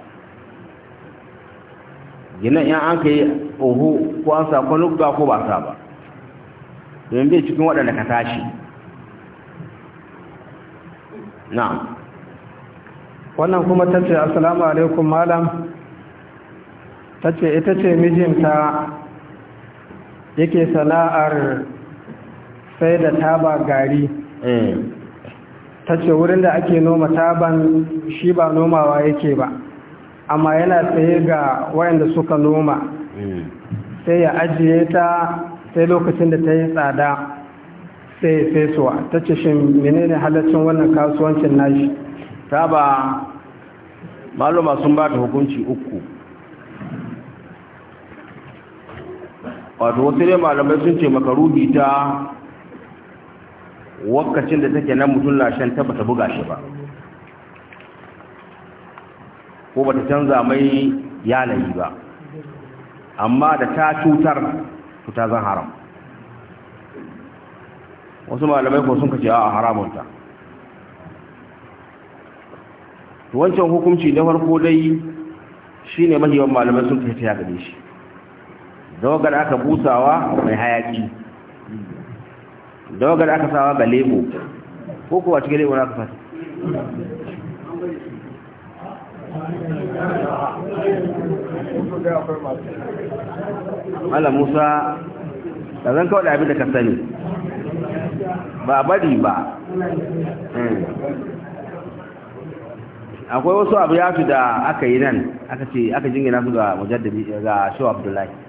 gina yan an ka yi oho ko an sa kwanuka ko ba sa ba domin bai cikin waɗanda ka tashi na wannan kuma ta ce assalamu alaikum malam ta ce ita ce mijinta yake sana'ar sai da taba gari eh. ta ce wurin da ake noma taban shi ba nomawa yake ba amma yana tsaye ga wayanda suka noma eh. sai ya ajiye ta sai lokacin da ta yi tsada sai sai suwa ta ce shi menene halaccin wannan kasuwancin nashi ta ba maluma sun ba ta hukunci uku wato wasu ne malamai sun ce makaruhi ta wakacin da take nan mutum lashen ta bata buga shi ba ko bata canza mai yanayi ba amma da ta cutar ta zan haram wasu malamai ko sun kace a haramunta wancan hukunci na farko dai shine mahiyawan malamai sun kace ya gane shi dogar aka busawa mai hayaki dogar aka sawa ga lemu, ko kuwa cikin lemu na kafa Mala Musa, da zan kawo da abin da ka sani, ba bari ba. Hmm. Akwai wasu abu ya fi da aka yi nan, aka ce, aka jingina su ga mujaddadi ga Shehu Abdullahi.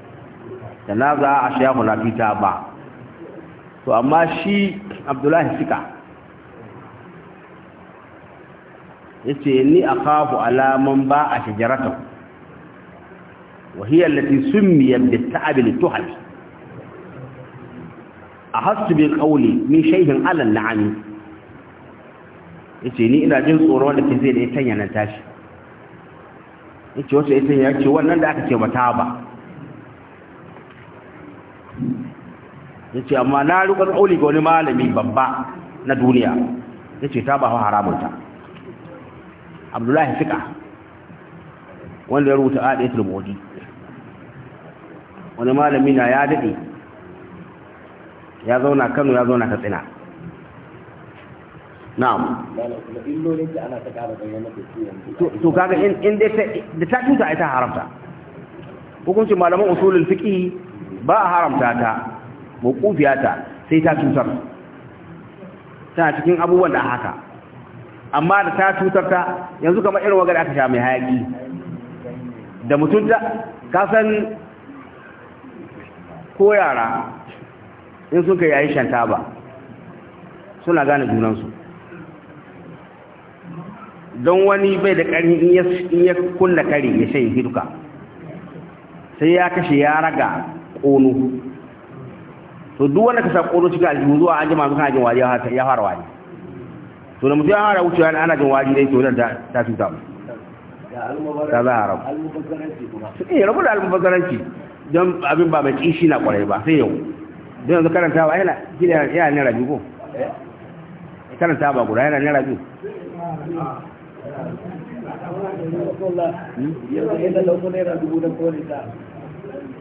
da na za a shayahu na fita ba to amma shi abdullahi sika ya ce ni a kafu alaman ba a shajarata wahiyar lati sun miyar da ta'abili tuhal a hasu bin ƙauli min shaihin alal na'ami ya ce ni ina jin tsoro da ke zai da tanya na tashi ya ce wata ita ya ce wannan da aka ce mata ba yace amma na rukar kauli ga wani malami babba na duniya yace ta ba haramun ta Abdullahi Fika wanda ya rubuta Adatul Mawdi wani malami na ya dade ya zauna Kano ya zauna Katsina na'am to kaga in da ta tuta ai ta haramta hukuncin malaman usulul fiqh ba a haramta ta mawqufiyata sai ta cutar tana cikin abubuwan da haka amma da ta cutar ta yanzu kamar irin wagar aka sha mai hayaki da mutunta ka san ko yara in suka yayi shanta ba suna gane junansu don wani bai da ƙarfi in ya kulla kare ya shayi duka sai ya kashe ya raga ƙonu to duk wanda ka sa kodo cikin aljihu zuwa an jima muka jin wari ya fara wari to da mutum ya fara wucewa ana jin wari dai to nan ta fi samu ta za a rabu eh rabu da almubazzaranci don abin ba mai kishi na kwarai ba sai yau don yanzu ba yana yana nera biyu ko eh? karanta ba guda yana nera biyu hmm? yanzu yana kone ta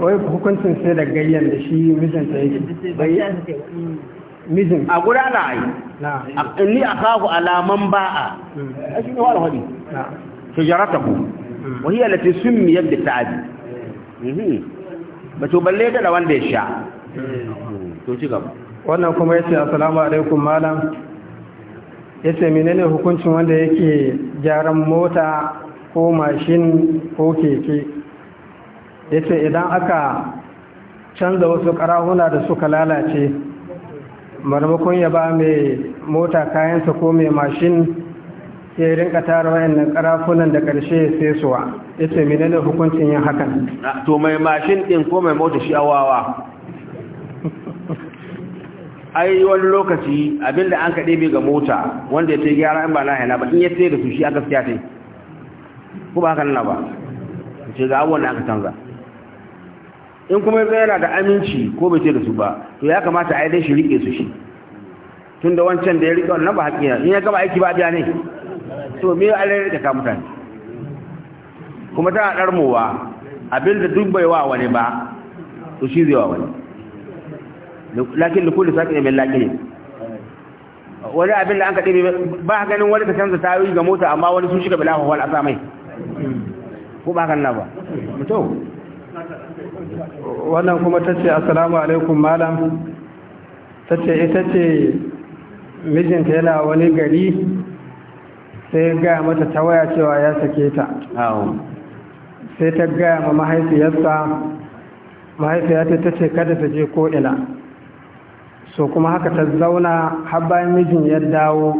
wai hukuncin sai da gayyan da shi ta yake bai mijin a gudana na ayi, ni a kawo alaman ba'a a hmm. shi ne wani hadi shijarata ku hmm. wahiyar da ta sun miyar da ta'adi mhm. ba to balle da wanda ya sha hmm. to ci gaba wannan kuma yace assalamu alaikum malam yace menene hukuncin wanda yake gyaran mota ko mashin ko keke ya ce idan aka canza wasu karahuna da suka lalace marmakon ya ba mai mota kayansa ko mai mashin sai rinka tara wayannan karafunan da ƙarshe sai suwa ya ce menene hukuncin yin hakan to mai mashin ɗin ko mai mota shi awawa ai wani lokaci abinda an kaɗe bai ga mota wanda ya ce gyara in ba na yana ba in ya ce da su shi aka fiya ce ko ba haka nuna ba ce ga abubuwan da aka canza in kuma ya yana da aminci ko bai ce da su ba to ya kamata a yi dai shi rike su shi tun da wancan da ya rike wannan ba haƙƙi in ya gaba aiki ba biya ne to me ya da rike ka mutane kuma tana ɗarmowa abinda duk bai wa wani ba to shi zai wa wani lakin lukuli sakin mai lakin ne wani abin da an kaɗe ba ganin wani ka canza yi ga mota amma wani sun shiga bilafafon a mai ko ba kan na ba mutum wannan kuma ta ce assalamu alaikum malam ta ce ita ce mijinta yana wani gari sai gaya mata ta waya cewa ya sake ta sai ta gaya ma mahaifiyarsa mahaifiyarta ta ce kada ta je ko'ina so kuma haka ta zauna har bayan mijin ya dawo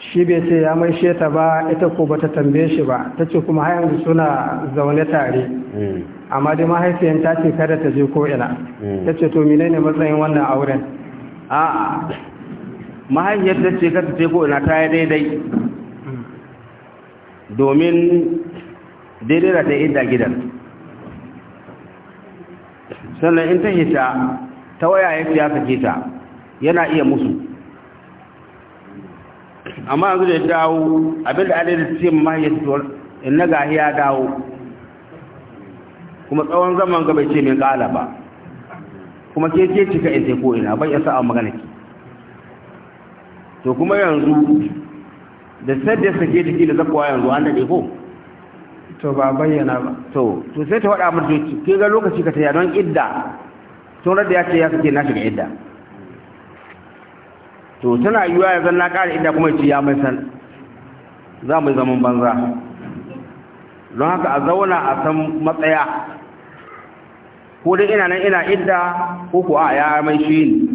shi bai ce ya mai sheta ba ita ko ba ta tambaye shi ba ta ce kuma har yanzu suna zaune tare hmm. amma dai mahaifiyan ta ce kada ta je ko ina hmm. ta ce to menene matsayin wannan auren a mahaifiyar ta ce kada ta je ko ina ta yi daidai domin daidai da ta yi inda gidan sannan in ta hita ta waya ya ya ta yana iya musu amma yanzu da ya dawo abinda adadin ce mahaifiyar in na gahi ya dawo kuma tsawon zaman gaba ce mai kala ba kuma ke ce cika in sai ko ina ban yasa a magana ki to kuma yanzu da sai da sake jiki da zakwa yanzu an daɗe ko to ba bayyana ba to to sai ta faɗa mutu ke ga lokaci ka ta yadon idda to da ya ce ya kake na shiga idda to tana yiwuwa ya zanna ƙara inda kuma ce ya mai san za mu zaman banza don haka a zauna a san matsaya ko dai ina nan ina idda ko kuwa a ya mai shi ne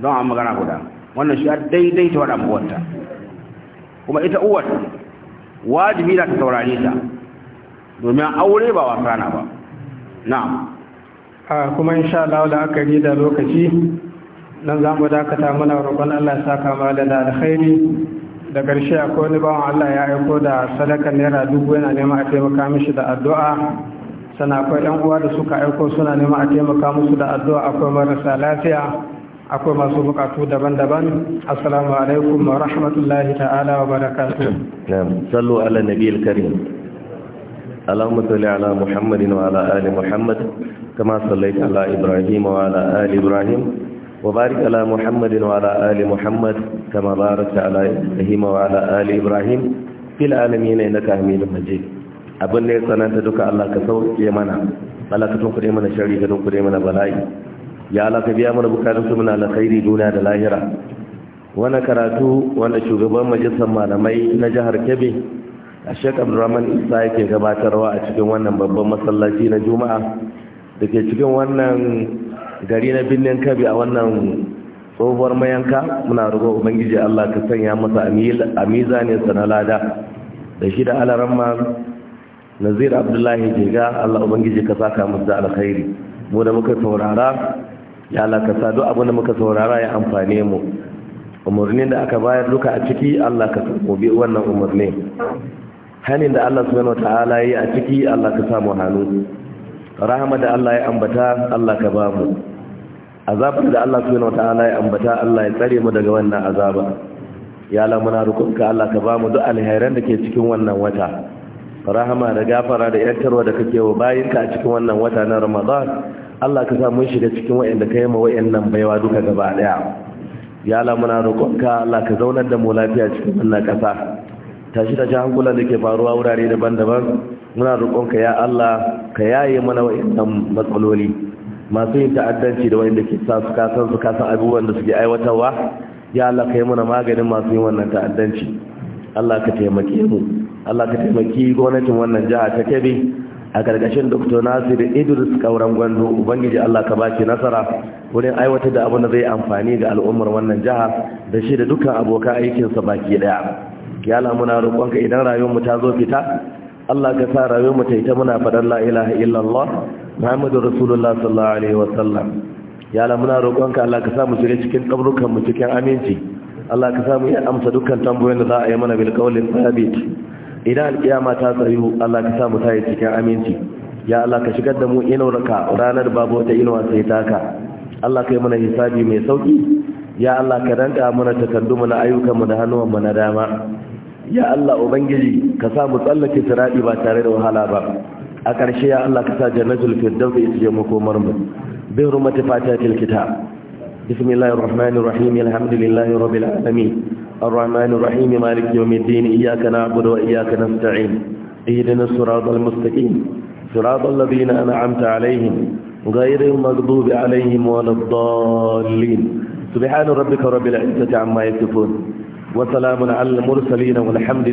don an magana guda wannan shi daidai ta wada uwarta kuma ita uwar wajibi na ta saurare ta domin aure ba wasa na ba na'am a kuma insha Allah da aka da lokaci nan za mu dakata muna roƙon Allah ya saka ma da alkhairi da ƙarshe akwai wani bawan Allah ya aiko da sadakar naira dubu yana neman a taimaka mishi da addu'a sana akwai yan uwa da suka aiko suna neman a taimaka musu da addu'a akwai marasa lafiya akwai masu bukatu daban-daban assalamu alaikum wa rahmatullahi ta'ala wa barakatuh na'am sallu ala nabiyil karim اللهم صل على محمد وعلى ال محمد كما صليت على ابراهيم وعلى ال ابراهيم وبارك على محمد وعلى آل محمد كما باركت على إبراهيم وعلى آل إبراهيم في العالمين إنك حميد مجيد abin da ya sananta duka Allah ka sauke mana Allah ka tunkure mana shari ka tunkure mana bala'i ya Allah ka biya mana bukatun su muna alkhairi duniya da lahira wannan karatu wanda shugaban majalisar malamai na jihar Kebbi a Sheikh Abdulrahman Isa yake gabatarwa a cikin wannan babban masallaci na Juma'a da ke cikin wannan gari na birnin kabi a wannan tsohuwar mayanka muna rugo ubangiji Allah ka sanya masa amiza ne mizaninsa na lada da shi da alaramma nazir abdullahi jega Allah ubangiji ka saka musu da alkhairi mu da muka saurara ya Allah ka sa duk abin da muka saurara ya amfane mu umarnin da aka bayar duka a ciki Allah ka kobe wannan umarni hanin da Allah subhanahu wataala yi a ciki Allah ka samu hannu rahama da Allah ya ambata Allah ka ba mu azabar da Allah subhanahu wataala ya ambata Allah ya tsare mu daga wannan azaba ya la muna rukunka Allah ka bamu duk alheran da ke cikin wannan wata rahama da gafara da yantarwa da kake wa bayinka a cikin wannan wata na Ramadan Allah ka sa mun shiga cikin wayanda kai ma wayannan baiwa duka gaba daya ya la muna rukunka Allah ka zaunar da mu lafiya cikin wannan kasa tashi tashi hankulan da ke faruwa wurare daban-daban muna rukunka ya Allah ka yaye mana wayannan matsaloli masu yin ta'addanci da wanda ke sa su kasan su kasan abubuwan da suke aiwatarwa ya Allah ka yi mana maganin masu yin wannan ta'addanci Allah ka taimake mu Allah ka taimaki gwamnatin wannan jiha ta Kebbi a gargashin Dr. Nasir Idris Kauran Gwando ubangiji Allah ka baki nasara wurin aiwatar da abin da zai amfani ga al'ummar wannan jiha da shi da dukkan abokan aikinsa baki daya ya Allah muna roƙonka idan rayuwar mu ta zo fita Allah ka sa rawe mu ta ita muna faɗar la ilaha illallah Muhammadur Rasulullah sallallahu alaihi wasallam ya Allah muna roƙonka Allah ka sa mu shiga cikin kabrukan mu cikin aminci Allah ka sa mu iya amsa dukkan tambayoyin da za a yi mana bil qawli thabit idan alƙiyama ta tsayu Allah ka sa mu tayi cikin aminci ya Allah ka shigar da mu inorka ranar babu wata inuwa sai taka Allah ka yi mana hisabi mai sauki ya Allah ka danka mana takardu mu, na ayyukan mu da hannuwan mu na dama ya Allah ubangiji ka sa mu tsallake sirati ba tare da wahala ba a ƙarshe ya Allah ka sa jannatul firdaus ita ce makomar mu bi hurmati kitab بسم الله الرحمن الرحيم الحمد لله رب العالمين الرحمن الرحيم مالك يوم الدين إياك نعبد وإياك نستعين اهدنا الصراط المستقيم صراط الذين أنعمت عليهم غير المغضوب عليهم ولا الضالين سبحان ربك رب العزة عما يصفون وسلام على المرسلين والحمد لله